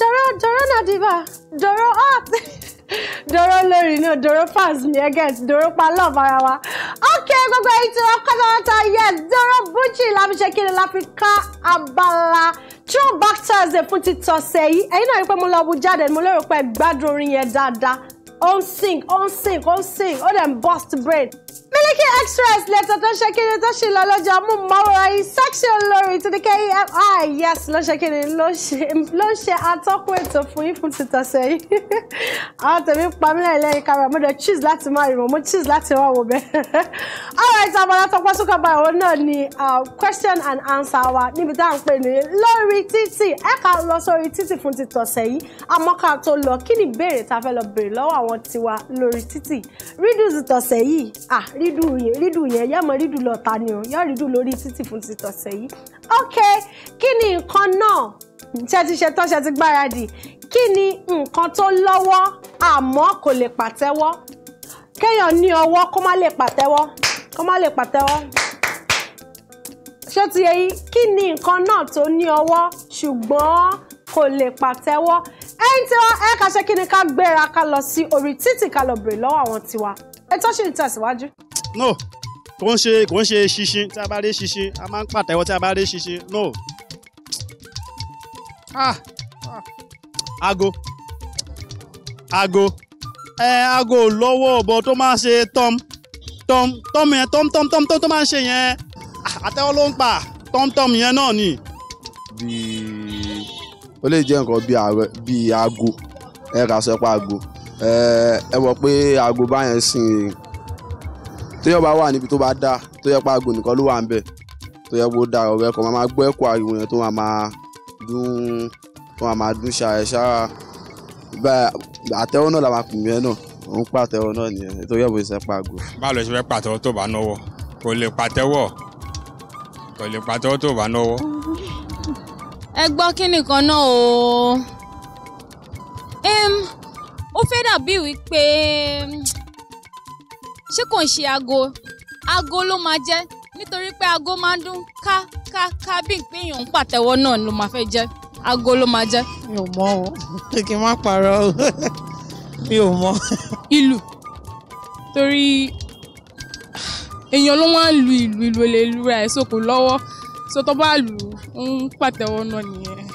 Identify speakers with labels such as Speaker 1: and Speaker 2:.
Speaker 1: jọ̀rọ̀ jọ̀rọ̀ náà diva jọ̀rọ̀ up dọ̀rọ̀ lórí náà dọ̀rọ̀ fans mi ẹgẹ́ dọ̀rọ̀ pa love ara wa. ok gbogbo èyí tí wọ́n kọ́ lọ́wọ́ ta yẹ dọ̀rọ̀ bùchì láfiṣẹ́ kí ni láfi ká abala throwback thursday fún ti tọ̀sẹ̀ yìí ẹ̀yin náà rí pé mo lọ bu jáde mo lérò pé gbádùn orin yẹn dáadáa ó ń sing ó ń sing ó ń sing ó dẹ̀ ń burst brain. Miliki Express lẹ́tọ̀ tó ń ṣe kéde tó ṣe lọ section lórí to the KMI yes ló ṣe kéde ló ṣe atọ́kùn ètò fún yín fún títọ́ sẹ́yìn àwọn tèmi pamílẹ̀ lẹ́yìn kámẹ́rà mo dẹ̀ choose láti máa rìn mọ́ mo choose láti wá wò bẹ́ẹ̀. alright abala tọpọ́ sókè báyìí òun uh, question and answer wa níbi tá à ń pè ní lórí títì ẹ ká lọ sórí títì fún títọ́ sẹ́yìn àmọ́ ká tó lọ kí ni ìbéèrè tá a fẹ́ lọ béèrè lọ́wọ́ àwọn tiwa lórí ah ríd rídù yẹn rídù yẹn yá mọ rídù lọ ta ni o yọ rídù lórí títì fún ti tọ̀sẹ̀ yìí. ok kí ni nǹkan náà ṣe ti ṣe tán ṣe ti gbáradì kí ni nǹkan tó lọ́wọ́ àmọ́ kò lè pàtẹ́wọ́ kéèyàn ní ọwọ́ kó má lè pàtẹ́wọ́ kó má lè pàtẹ́wọ́ ṣé ti yẹ yìí kí ni nǹkan náà tó ní ọwọ́ ṣùgbọ́n kò lè pàtẹ́wọ́ ẹ̀yin tiwa ẹ ká ṣe kí ni ká gbéra ká lọ sí orí títì ká lọ bèrè lọ́wọ́ àwọn tiwa ètò ṣì ń tẹ̀síwájú no kò ń ṣe kò ń ṣe ṣinṣin
Speaker 2: tí a bá rí ṣinṣin a máa ń pàtẹ́wọ́ tí a bá rí ṣinṣin no ah aago ah. ẹ aago lọ́wọ́ ọ̀bọ tó máa ṣe tọ́m tọ́m tọ́m yẹn tọ́m tọ́m tọ́m tó máa ń ṣe yẹn ah, àtẹ́wọ́ ló ń pa tọ́mtọ́m yẹn náà ni.
Speaker 3: bíi ó lè jẹ́ nǹkan bíi aago ẹ kà sọ pé aago ẹ mọ̀ pé aago báyẹn sìn téèyàn bá wà níbi tó bá dá tó yẹ pa aago nìkan ló wà ń bẹ̀ tó yẹ kó da kan máa gbọ́ ẹ̀kọ́ ariwo yẹn tó máa máa dún tó máa máa dún ṣáà ṣáà àtẹ́wọ́ náà la máa ẹ náà òun pàtẹ́wọ́ náà nìyẹn tó yẹ bó pa aago. báwo ló ṣe fẹ́ pàtẹ́wọ́ tó bá náwó kò lè pàtẹ́wọ́ kò lè pàtẹ́wọ́ tó bá náwó.
Speaker 4: ẹ gbọ́ kínní kan náà o ó fẹ́ dàbí wípé ṣé kò ń ṣe aago aago ló máa jẹ́ nítorí pé aago máa ń dún ká ká ká bí pé èèyàn ń pàtẹ́wọ́ náà ló máa fẹ́ jẹ́ aago ló máa jẹ́.
Speaker 1: mi ò mọ o kí n má parọ́ o mi ò mọ. ìlù
Speaker 4: torí èèyàn ló máa ń lu ìlù ìlù èlè ìlú rẹ̀ sókò lọ́wọ́ sọtọ́ bá lù ń pàtẹ́wọ́ náà nìyẹn.